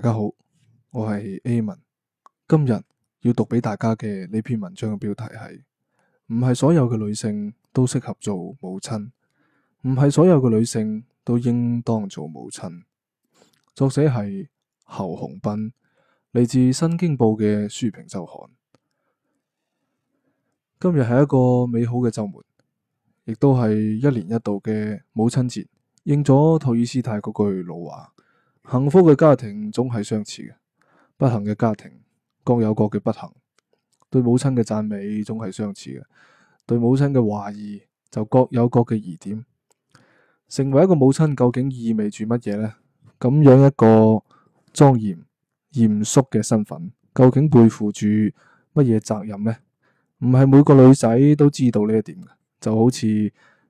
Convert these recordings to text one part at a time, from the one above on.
大家好，我係 Amin。今日要讀俾大家嘅呢篇文章嘅標題係：唔係所有嘅女性都適合做母親，唔係所有嘅女性都應當做母親。作者係侯鴻斌，嚟自《新京報》嘅書評周刊。今日係一個美好嘅周末，亦都係一年一度嘅母親節，應咗托爾斯泰嗰句老話。幸福嘅家庭總係相似嘅，不幸嘅家庭各有各嘅不幸。對母親嘅讚美總係相似嘅，對母親嘅懷疑就各有各嘅疑點。成為一個母親究竟意味住乜嘢呢？咁樣一個莊嚴嚴肅嘅身份，究竟背負住乜嘢責任呢？唔係每個女仔都知道呢一點嘅，就好似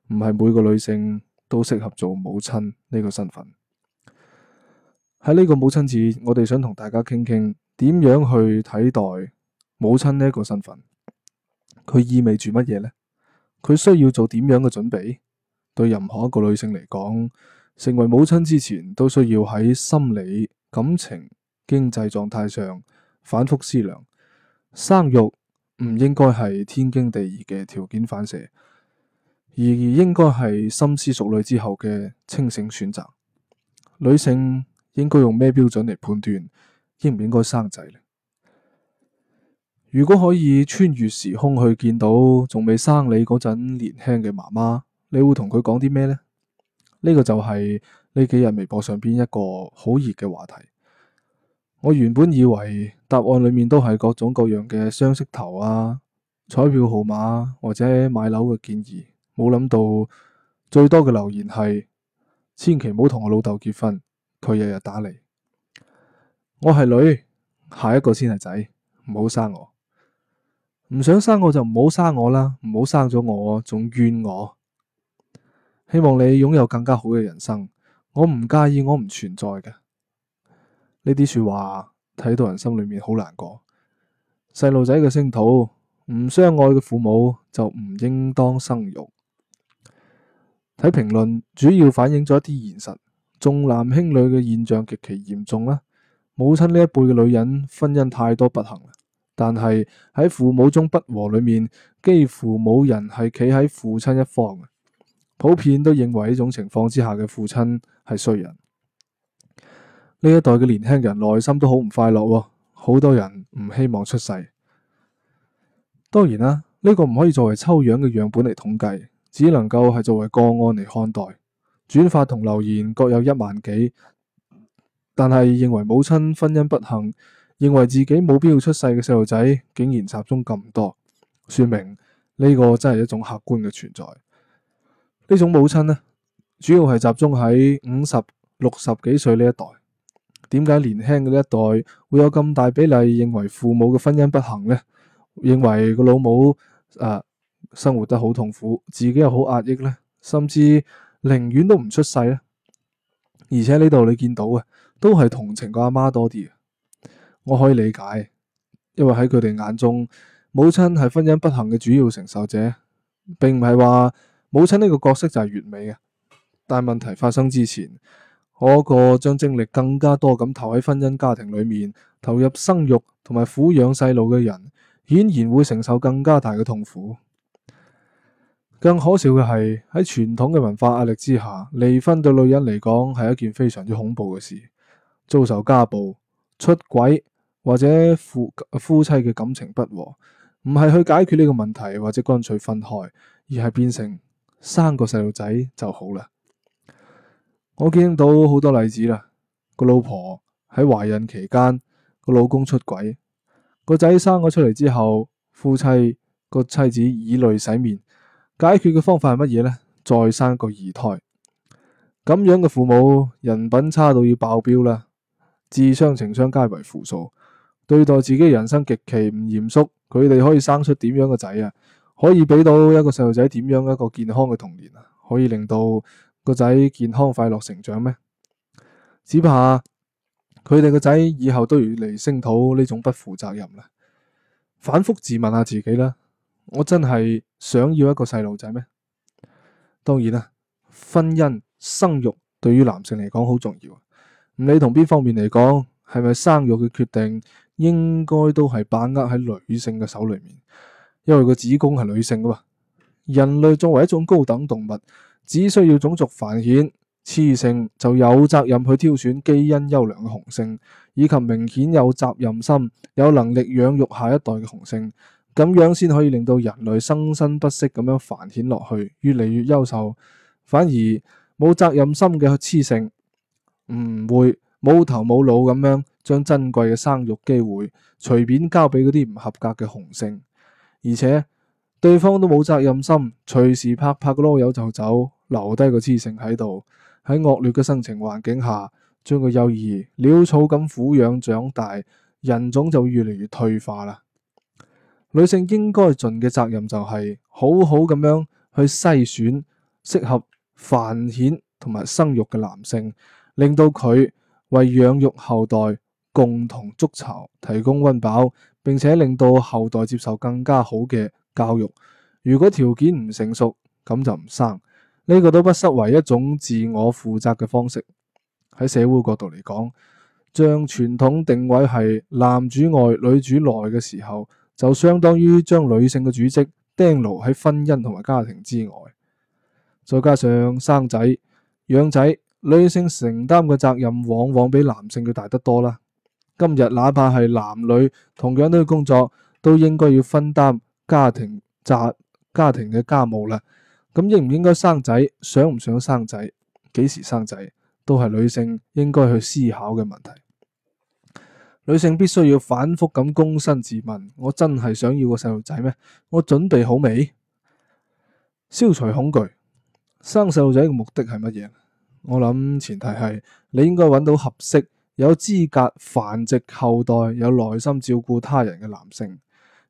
唔係每個女性都適合做母親呢個身份。喺呢個母親節，我哋想同大家傾傾點樣去睇待母親呢一個身份，佢意味住乜嘢呢？佢需要做點樣嘅準備？對任何一個女性嚟講，成為母親之前，都需要喺心理、感情、經濟狀態上反覆思量。生育唔應該係天經地義嘅條件反射，而應該係深思熟慮之後嘅清醒選擇。女性。應該用咩標準嚟判斷應唔應該生仔呢？如果可以穿越時空去見到仲未生你嗰陣年輕嘅媽媽，你會同佢講啲咩呢？呢個就係呢幾日微博上邊一個好熱嘅話題。我原本以為答案裏面都係各種各樣嘅雙色球啊、彩票號碼或者買樓嘅建議，冇諗到最多嘅留言係：千祈唔好同我老豆結婚。佢日日打你。我係女，下一個先係仔，唔好生我。唔想生我就唔好生我啦，唔好生咗我仲怨我。希望你擁有更加好嘅人生，我唔介意我唔存在嘅。呢啲說話睇到人心裏面好難過，細路仔嘅聲討，唔相愛嘅父母就唔應當生育。睇評論主要反映咗一啲現實。重男輕女嘅現象極其嚴重啦。母親呢一輩嘅女人婚姻太多不幸，但係喺父母中不和裏面，幾乎冇人係企喺父親一方。普遍都認為呢種情況之下嘅父親係衰人。呢一代嘅年輕人內心都好唔快樂，好多人唔希望出世。當然啦，呢個唔可以作為抽樣嘅樣本嚟統計，只能夠係作為個案嚟看待。轉發同留言各有一萬幾，但係認為母親婚姻不幸、認為自己冇必要出世嘅細路仔，竟然集中咁多，說明呢個真係一種客觀嘅存在。呢種母親呢，主要係集中喺五十六十幾歲呢一代。點解年輕嘅呢一代會有咁大比例認為父母嘅婚姻不幸呢？認為個老母誒、啊、生活得好痛苦，自己又好壓抑呢，甚至。寧願都唔出世咧、啊，而且呢度你見到嘅都係同情個阿媽多啲，我可以理解，因為喺佢哋眼中，母親係婚姻不幸嘅主要承受者，並唔係話母親呢個角色就係完美嘅。但係問題發生之前，嗰個將精力更加多咁投喺婚姻家庭裏面，投入生育同埋撫養細路嘅人，顯然會承受更加大嘅痛苦。更可笑嘅係喺傳統嘅文化壓力之下，離婚對女人嚟講係一件非常之恐怖嘅事。遭受家暴、出軌或者夫夫妻嘅感情不和，唔係去解決呢個問題，或者乾脆分開，而係變成生個細路仔就好啦。我見到好多例子啦，個老婆喺懷孕期間，個老公出軌，個仔生咗出嚟之後，夫妻、個妻子以淚洗面。解決嘅方法係乜嘢呢？再生一個二胎，咁樣嘅父母人品差到要爆表啦，智商情商皆為負數，對待自己人生極其唔嚴肅。佢哋可以生出點樣嘅仔啊？可以俾到一個細路仔點樣一個健康嘅童年啊？可以令到個仔健康快樂成長咩？只怕佢哋個仔以後都要嚟聲討呢種不負責任啦！反覆自問下自己啦～我真係想要一個細路仔咩？當然啦，婚姻生育對於男性嚟講好重要。唔理同邊方面嚟講，係咪生育嘅決定應該都係把握喺女性嘅手裏面？因為個子宮係女性噶嘛。人類作為一種高等動物，只需要種族繁衍，雌性就有責任去挑選基因優良嘅雄性，以及明顯有責任心、有能力養育下一代嘅雄性。咁樣先可以令到人類生生不息咁樣繁衍落去，越嚟越優秀。反而冇責任心嘅雌性，唔、嗯、會冇頭冇腦咁樣將珍貴嘅生育機會隨便交俾嗰啲唔合格嘅雄性，而且對方都冇責任心，隨時拍拍個囉柚就走，留低個雌性喺度。喺惡劣嘅生情環境下，將個幼兒潦草咁撫養長大，人種就越嚟越退化啦。女性應該盡嘅責任就係好好咁樣去篩選適合繁衍同埋生育嘅男性，令到佢為養育後代共同築巢、提供溫飽，並且令到後代接受更加好嘅教育。如果條件唔成熟，咁就唔生。呢個都不失為一種自我負責嘅方式。喺社會角度嚟講，將傳統定位係男主外、女主內嘅時候。就相當於將女性嘅主職釘牢喺婚姻同埋家庭之外，再加上生仔、養仔，女性承擔嘅責任往往比男性要大得多啦。今日哪怕係男女同樣都要工作，都應該要分擔家庭責家庭嘅家務啦。咁應唔應該生仔、想唔想生仔、幾時生仔，都係女性應該去思考嘅問題。女性必須要反覆咁躬身自問：我真係想要個細路仔咩？我準備好未？消除恐懼，生細路仔嘅目的係乜嘢？我諗前提係你應該揾到合適、有資格繁殖後代、有耐心照顧他人嘅男性。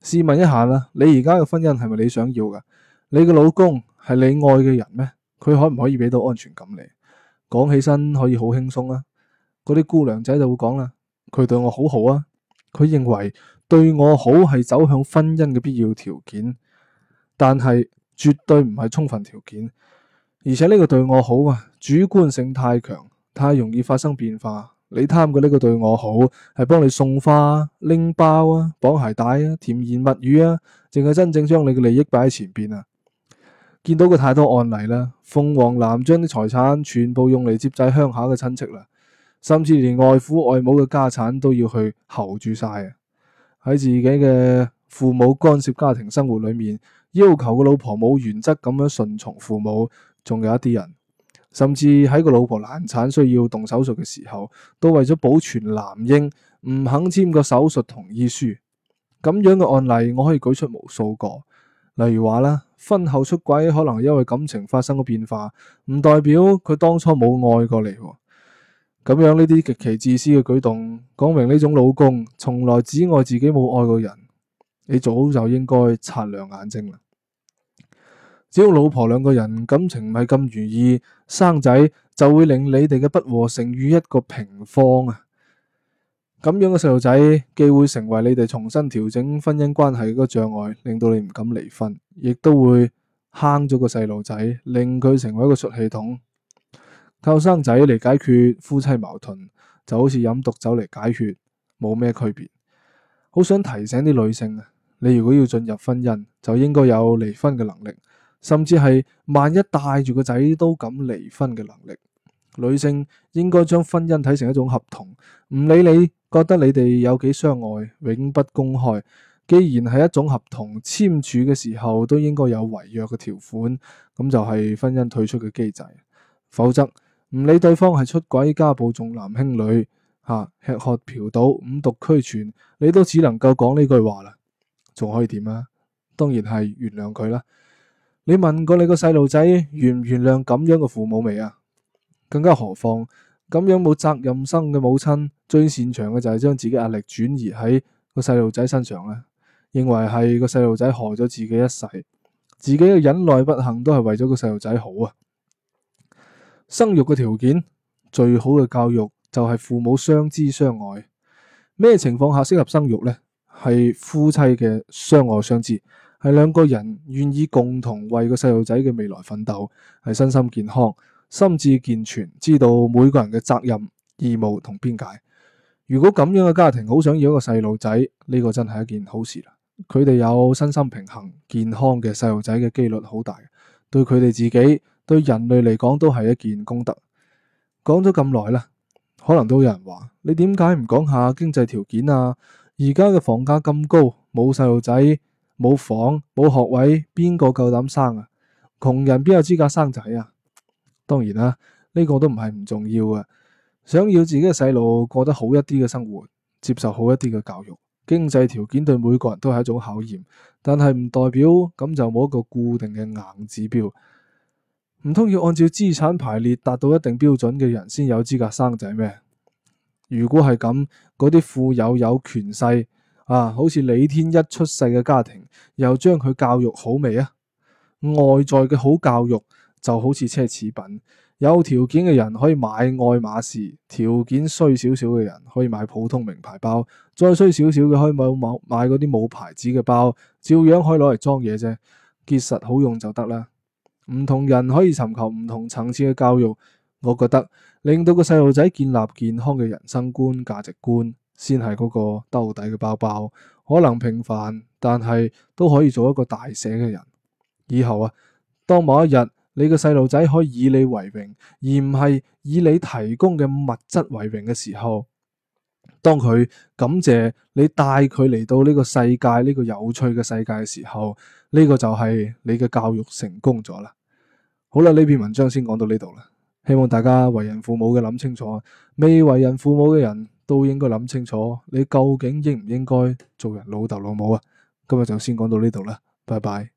試問一下啦，你而家嘅婚姻係咪你想要噶？你嘅老公係你愛嘅人咩？佢可唔可以俾到安全感你？講起身可以好輕鬆啊，嗰啲姑娘仔就會講啦。佢對我好好啊，佢認為對我好係走向婚姻嘅必要條件，但係絕對唔係充分條件。而且呢個對我好啊，主觀性太強，太容易發生變化。你貪過呢個對我好，係幫你送花、拎包啊、綁鞋帶啊、甜言蜜語啊，淨係真正將你嘅利益擺喺前邊啊。見到嘅太多案例啦，鳳凰男將啲財產全部用嚟接濟鄉下嘅親戚啦。甚至連外父外母嘅家產都要去候住晒，喺自己嘅父母干涉家庭生活裏面，要求個老婆冇原則咁樣順從父母，仲有一啲人，甚至喺個老婆難產需要動手術嘅時候，都為咗保存男嬰唔肯簽個手術同意書，咁樣嘅案例我可以舉出無數個。例如話啦，婚後出軌可能因為感情發生咗變化，唔代表佢當初冇愛過你。咁樣呢啲極其自私嘅舉動，講明呢種老公從來只愛自己，冇愛過人，你早就應該擦亮眼睛啦。只要老婆兩個人感情唔係咁如意，生仔就會令你哋嘅不和成於一個平方啊。咁樣嘅細路仔，既會成為你哋重新調整婚姻關係嘅一個障礙，令到你唔敢離婚，亦都會坑咗個細路仔，令佢成為一個出氣筒。靠生仔嚟解決夫妻矛盾，就好似飲毒酒嚟解決，冇咩區別。好想提醒啲女性啊，你如果要進入婚姻，就應該有離婚嘅能力，甚至係萬一帶住個仔都敢離婚嘅能力。女性應該將婚姻睇成一種合同，唔理你覺得你哋有幾相愛，永不公開。既然係一種合同，簽署嘅時候都應該有違約嘅條款，咁就係婚姻退出嘅機制，否則。唔理對方係出軌、家暴、重男輕女、吓、啊、吃喝嫖賭、五毒俱全，你都只能夠講呢句話啦，仲可以點啊？當然係原諒佢啦。你問過你個細路仔原唔原諒咁樣嘅父母未啊？更加何況咁樣冇責任心嘅母親，最擅長嘅就係將自己壓力轉移喺個細路仔身上啦，認為係個細路仔害咗自己一世，自己嘅忍耐不幸都係為咗個細路仔好啊。生育嘅條件最好嘅教育就係父母相知相愛。咩情況下適合生育呢？係夫妻嘅相愛相知，係兩個人願意共同為個細路仔嘅未來奮鬥，係身心健康、心智健全，知道每個人嘅責任、義務同邊界。如果咁樣嘅家庭好想要一個細路仔，呢個真係一件好事啦。佢哋有身心平衡、健康嘅細路仔嘅幾率好大，對佢哋自己。對人類嚟講都係一件功德。講咗咁耐啦，可能都有人話：你點解唔講下經濟條件啊？而家嘅房價咁高，冇細路仔、冇房、冇學位，邊個夠膽生啊？窮人邊有資格生仔啊？當然啦，呢個都唔係唔重要嘅。想要自己嘅細路過得好一啲嘅生活，接受好一啲嘅教育，經濟條件對每個人都係一種考驗，但係唔代表咁就冇一個固定嘅硬指標。唔通要按照資產排列，達到一定標準嘅人先有資格生仔咩？如果係咁，嗰啲富有有權勢啊，好似李天一出世嘅家庭，又將佢教育好未啊？外在嘅好教育就好似奢侈品，有條件嘅人可以買愛馬仕，條件衰少少嘅人可以買普通名牌包，再衰少少嘅可以買冇買嗰啲冇牌子嘅包，照樣可以攞嚟裝嘢啫，結實好用就得啦。唔同人可以尋求唔同層次嘅教育，我覺得令到個細路仔建立健康嘅人生觀、價值觀，先係嗰個兜底嘅包包。可能平凡，但係都可以做一個大寫嘅人。以後啊，當某一日你嘅細路仔可以以你為榮，而唔係以你提供嘅物質為榮嘅時候，當佢感謝你帶佢嚟到呢個世界、呢個有趣嘅世界嘅時候，呢個就係你嘅教育成功咗啦。好啦，呢篇文章先講到呢度啦。希望大家為人父母嘅諗清楚，未為人父母嘅人都應該諗清楚，你究竟應唔應該做人老豆老母啊？今日就先講到呢度啦，拜拜。